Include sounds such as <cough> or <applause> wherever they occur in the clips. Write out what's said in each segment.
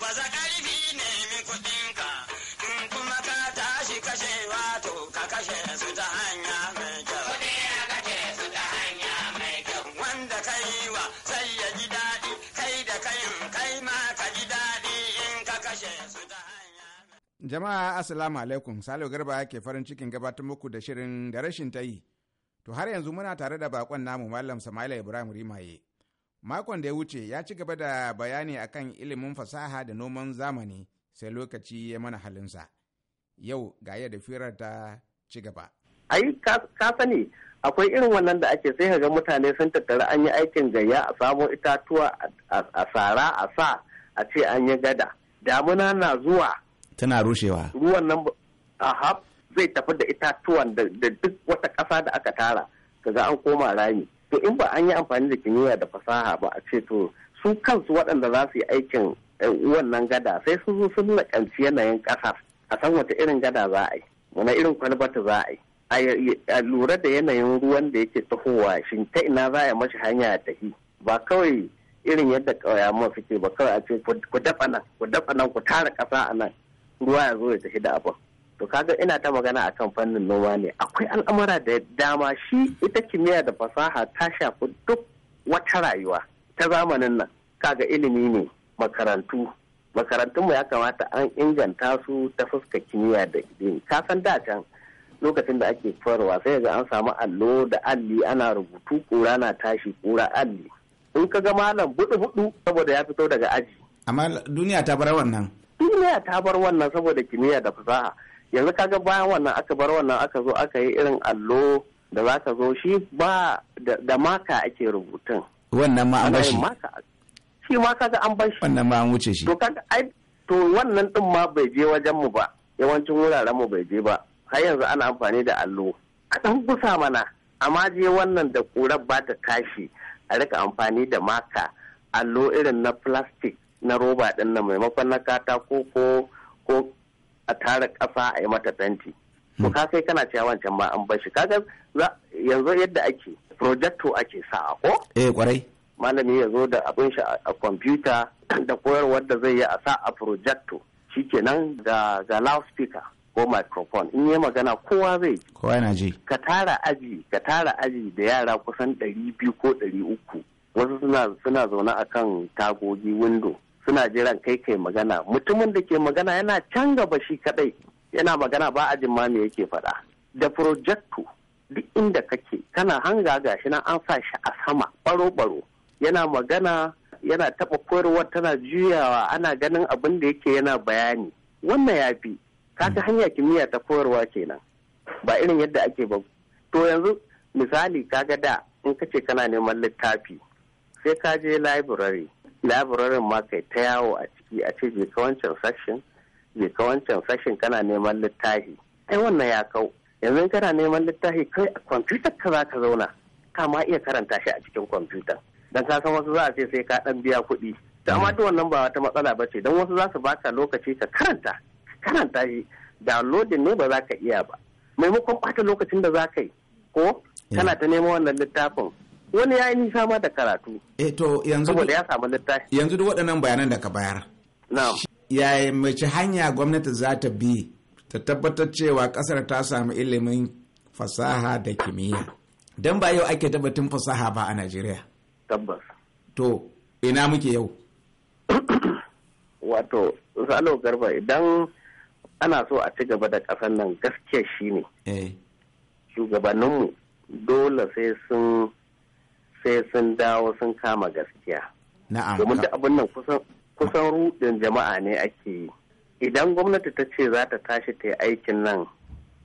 Baza ƙarfi min kuɗinka, in kuma ka tashi kashe wato ka kashe su ta hanya mai kyau. Kuɗi ya kashe su ta hanya mai kyau. Wanda ka yi wa sai ya ji daɗi, kai da kayan kai ma ka ji daɗi in ka kashe su ta hanya. Jama'a Assalamu alaikum, Salo Garba ke farin cikin gabatar muku da shirin da rashin ta yi. To har yanzu muna tare da bakon namu Mallam Sama'ila Ibrahim Rimaye. Makon da ya wuce ya ci gaba da bayani akan ilimin fasaha da noman zamani sai lokaci ya mana halinsa. Yau ga yadda firar ta ci gaba. Ai, ka sani akwai irin wannan da ake sai ga mutane sun tattara an yi aikin gayya a samo itatuwa a sara a sa a ce an yi gada. Damuna na zuwa. Tana rushewa. Ruwan nan a zai tafi da itatuwan da duk wata ƙasa da aka tara. kaga an koma rami to in ba an yi amfani da kimiyya da fasaha ba a ce to su kansu waɗanda za su yi aikin eh, wannan gada sai sun zo sun yanayin ƙasar a san wata irin gada za a yi wani irin kwalbata za a yi a lura da yanayin ruwan da yake tahowa shin ta ina za a mashi hanya a tafi ba kawai irin yadda ƙauyaman suke ba kawai a ce ku dafa nan ku dafa nan ku tara ƙasa a nan ruwa ya zo ya tafi da abin to kaga ina ta magana a kan fannin noma ne akwai al'amura da dama shi ita kimiyya da fasaha ta shafi duk wata rayuwa ta zamanin nan kaga ilimi ne makarantu makarantunmu ya kamata an inganta su ta fuska kimiyya da ka san da can lokacin da ake farwa sai ga an samu allo da alli ana rubutu kura na tashi kura alli in ka ga malam budu budu saboda ya fito daga aji amma duniya ta bar wannan duniya ta bar wannan saboda kimiyya da fasaha yanzu kaga bayan wannan aka bar wannan aka zo aka yi irin allo da za ka zo shi ba da maka ake rubutun wannan ma an bashi shi ma kaga an bashi wannan ma an wuce shi to kaga ai to wannan din ma bai je wajen mu ba yawancin wuraren mu bai je ba har yanzu ana amfani da allo a dan gusa mana amma je wannan da kura ba ta tashi a rika amfani da maka allo irin na plastic na roba din nan maimakon na katako ko tara kasa a yi mata fenti to ka kai kana cewa wancan ba an bar shi kaga yanzu yadda ake projecto ake sa a ko eh kwarai malami ya zo da abin shi a kwamfuta da koyarwar da zai yi a sa a projecto shikenan ga ga loudspeaker ko microphone in yi magana kowa zai kowa yana ji ka tara aji ka tara aji da yara kusan ɗari biyu ko ɗari uku wasu suna suna zaune akan tagogi window suna jiran kai kai magana mutumin da ke magana yana can gaba shi kadai yana magana ba a jima me yake faɗa da projecto duk inda kake kana hanga ga shi nan an sa shi a sama baro-baro yana magana yana taɓa koyarwa tana juyawa ana ganin abin da yake yana bayani wannan ya fi kaga hmm. hanya kimiyya ta koyarwa kenan ba irin yadda ake ba to yanzu misali kaga da in kace kana neman littafi sai ka je library labirarin ma kai ta yawo a ciki a ce je ka wancan section kana neman littafi ai wannan ya kau yanzu kana neman littafi kai a kwamfutar ka za ka zauna ka ma iya karanta shi a cikin kwamfuta dan ka san wasu za a ce sai ka dan biya kuɗi to amma duk wannan ba wata matsala ba ce dan wasu za su baka lokaci ka karanta karanta shi downloading ne ba za ka iya ba maimakon ɓata lokacin da za ka yi ko kana ta neman wannan littafin wani ya yi nisa ma da karatu eh to yanzu da ya samu littafi yanzu duk waɗannan bayanan da ka bayar na'am yaya mace hanya gwamnati za ta bi ta tabbatar cewa ƙasar ta samu ilimin fasaha da kimiyya Dan ba yau ake tabbatin fasaha ba a najeriya tabbas to ina muke yau <coughs> wato salo garba idan ana so a ci gaba da ƙasar nan gaskiya shine eh. shugabanninmu dole sai sun sai sun dawo sun kama gaskiya. Na'am. Domin da abin nan kusan kusan rudin jama'a ne ake yi. Idan gwamnati ta ce za ta tashi ta yi aikin nan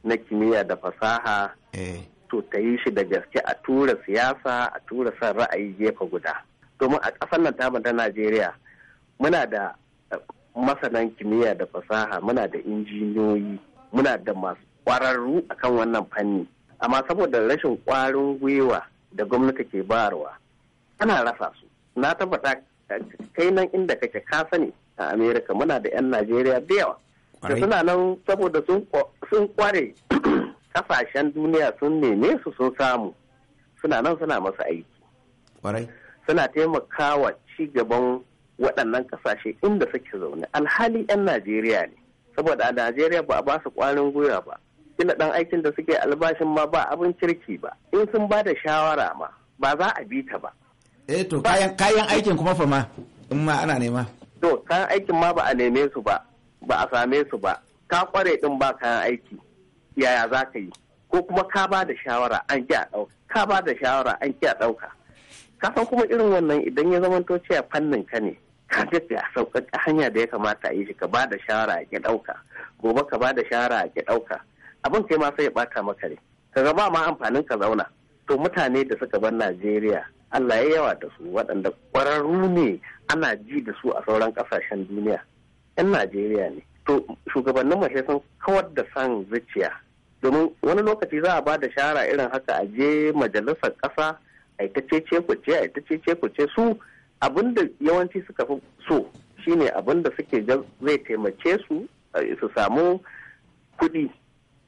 na kimiyya da fasaha, eh. to ta yi shi da gaske a tura siyasa a tura son ra'ayi gefe guda. Domin a ƙasar nan tamu ta Najeriya muna da eh, masanan kimiyya da fasaha muna da injiniyoyi muna da masu ƙwararru akan wannan fanni. Amma saboda rashin ƙwarin gwiwa da gwamnati ke bayarwa ana rasa su na tabbata eh, kai nan inda kake ka sani a america muna da 'yan najeriya da yawa da suna nan saboda sun kware kasashen <clears throat> duniya sun neme su sun samu suna nan suna masa aiki suna taimakawa ci gaban waɗannan kasashe inda suke zaune alhali 'yan najeriya ne saboda a najeriya ba a ba su kwarin gwiwa ba kila dan aikin da suke albashin ma ba abin kirki ba in sun ba da shawara ma ba za a bi ta ba eh to kayan kayan aikin kuma fa ma in ma ana nema to kayan aikin ma ba a neme su ba ba a same su ba ka kware din ba kayan aiki yaya za ka yi ko kuma ka ba da shawara an ki a ɗauka ka ba da shawara an ki a ɗauka ka san kuma irin wannan idan ya zama to cewa fannin ka ne ka ga a sauƙaƙa hanya da ya kamata a yi shi ka ba da shawara a ki ɗauka gobe ka ba da shawara a ki ɗauka abin kai ma sai ya bata maka ne kaga ba ma amfanin ka zauna to mutane da suka bar Najeriya Allah ya yawa da su waɗanda ƙwararru ne ana ji da su a sauran ƙasashen duniya 'yan Najeriya ne to shugabannin mace sun kawar da san zuciya domin wani lokaci za a ba da shara irin haka a je majalisar ƙasa a ita cece kuce a ita cece kuce su abinda yawanci suka fi so shine abinda suke zai taimake su eh, su samu kuɗi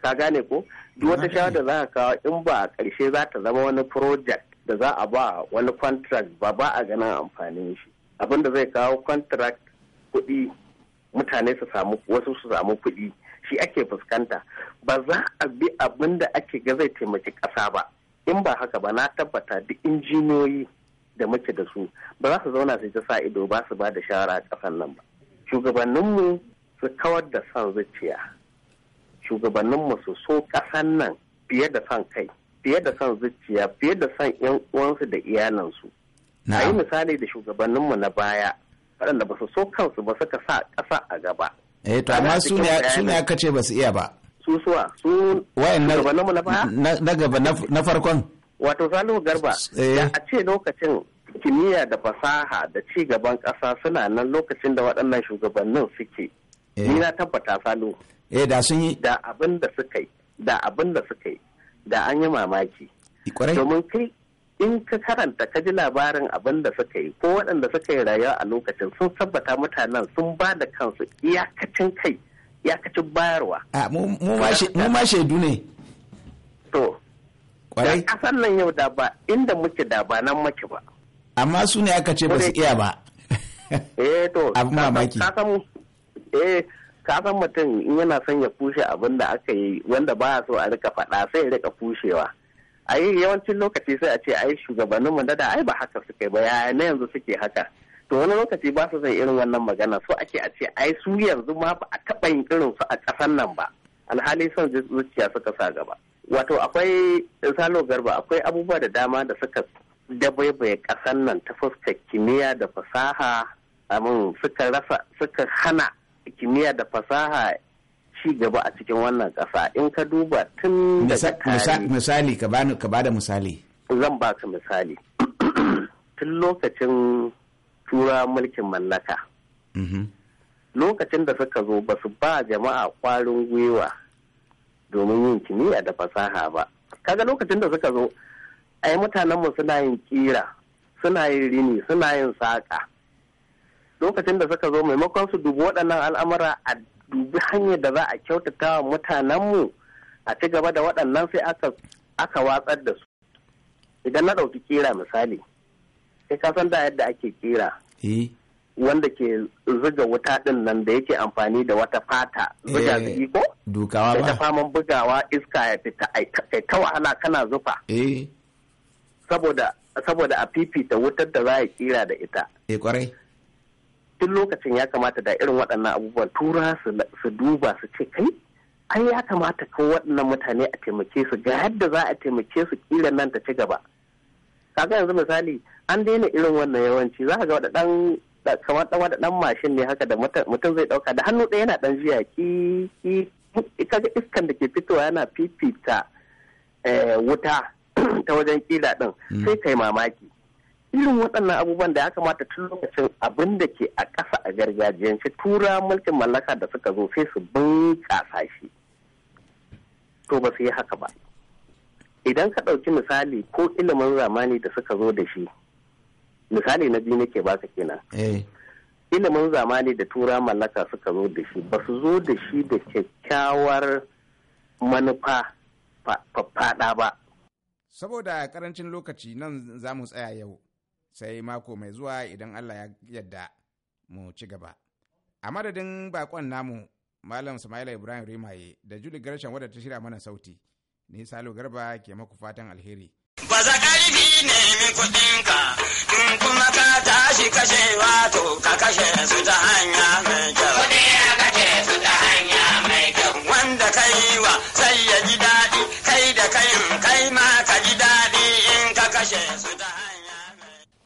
ka gane ko duk wata shawara da za ka kawo in ba a ƙarshe za ta zama wani project da za a ba wani contract ba ba a ganin amfanin shi abin da zai kawo contract kuɗi mutane su samu wasu su samu kuɗi shi ake fuskanta ba za a bi abin da ake ga zai taimaki ƙasa ba in ba haka ba na tabbata duk injiniyoyi da muke da su ba za su zauna su ta sa ido ba su ba da shawara a ƙasan nan ba shugabanninmu su kawar da son zuciya shugabanninmu su so ƙasan nan fiye da son kai fiye da son zuciya fiye da son yan uwansu da iyalansu a yi misali da shugabanninmu na baya waɗanda ba su so kansu ba suka sa ƙasa a gaba eh to amma su ne aka ce ba su iya ba su suwa su mu na baya na gaba na farkon wato salihu garba eh. a ce lokacin kimiyya da fasaha da ci gaban ƙasa suna nan lokacin da waɗannan shugabannin suke eh. ni na tabbata salihu eh da sun yi da abin da suka yi da abin da suka yi da an yi mamaki domin kai in ka karanta ka ji labarin abin da suka yi ko waɗanda suka yi rayuwa a lokacin sun tabbata mutanen sun ba da kansu iyakacin kai iyakacin bayarwa mu ma shaidu ne to kwarai kasan nan yau da ba inda muke da ba nan muke ba amma su ne aka ce ba su iya ba eh to <laughs> abin mamaki eh ka san mutum in yana son ya kushe abin da aka yi wanda baya so a rika faɗa sai ya rika kushewa a yi yawancin lokaci sai a ce ai shugabannin da da ai ba haka suka ba yaya na yanzu suke haka to wani lokaci ba su son irin wannan magana so ake a ce ai su yanzu ma ba a taɓa yin irin su a kasan nan ba alhali son zuciya suka sa gaba wato akwai salo garba akwai abubuwa da dama da suka dabaibaye ƙasan nan ta fuskar kimiyya da fasaha amin suka rasa suka hana kimiyya da fasaha ci gaba a cikin wannan ƙasa in ka duba tun da misali ka ka bada misali zan ba ka misali <clears throat> tun lokacin tura mulkin mallaka mm-hmm. lokacin da suka zo ba su ba jama'a kwarin gwiwa domin yin kimiyya da fasaha ba kaga lokacin da suka zo ai mutanenmu suna yin kira suna yin rini suna yin saƙa lokacin da suka zo maimakon su dubi waɗannan al'amura a dubi hanyar da za a kyautata wa mutanenmu a ci gaba da waɗannan sai aka watsar da su idan na ɗauki kira misali sai ka san da yadda ake kira eh. wanda ke zuga wuta ɗin nan da yake amfani da wata fata zuga zuki eh. ko dukawa ba ta faman bugawa iska ya fita ai ta wahala kana zufa eh. saboda saboda a fifita wutar da za a kira da ita tun lokacin ya kamata da irin waɗannan abubuwan tura su duba su ce kai ai ya kamata ko waɗannan mutane a taimake su ga yadda za a taimake su kila nan ta ci gaba kaga yanzu misali an daina irin wannan yawanci za ga dan kamar wada dan mashin ne haka da mutum zai ɗauka da hannu ɗaya yana dan jiya ki kaga iskan da ke fitowa yana fifita eh, wuta <clears throat> ta wajen kila din mm. sai kai mamaki irin waɗannan abubuwan da ya kamata tun lokacin abin da ke a ƙasa a gargajiyance tura mulkin mallaka da suka zo sai su bunƙasa shi to ba su yi haka ba idan ka ɗauki misali ko ilimin zamani da suka zo da shi misali na biyu nake baka kenan eh. ilimin zamani da tura mallaka suka zo da shi ba su zo da shi da kyakkyawar manufa faɗa ba saboda karancin lokaci nan za mu tsaya yau sai mako mai zuwa idan Allah ya yadda mu ci gaba. A madadin bakon namu Malam Sumaila Ibrahim Rimaye da Juli Garshen wadda ta shirya mana sauti, ni Salo Garba ke maku fatan alheri. Baza ƙarfi ne kuɗinka, in kuma ka tashi kashe wato ka kashe su ta hanya mai kyau.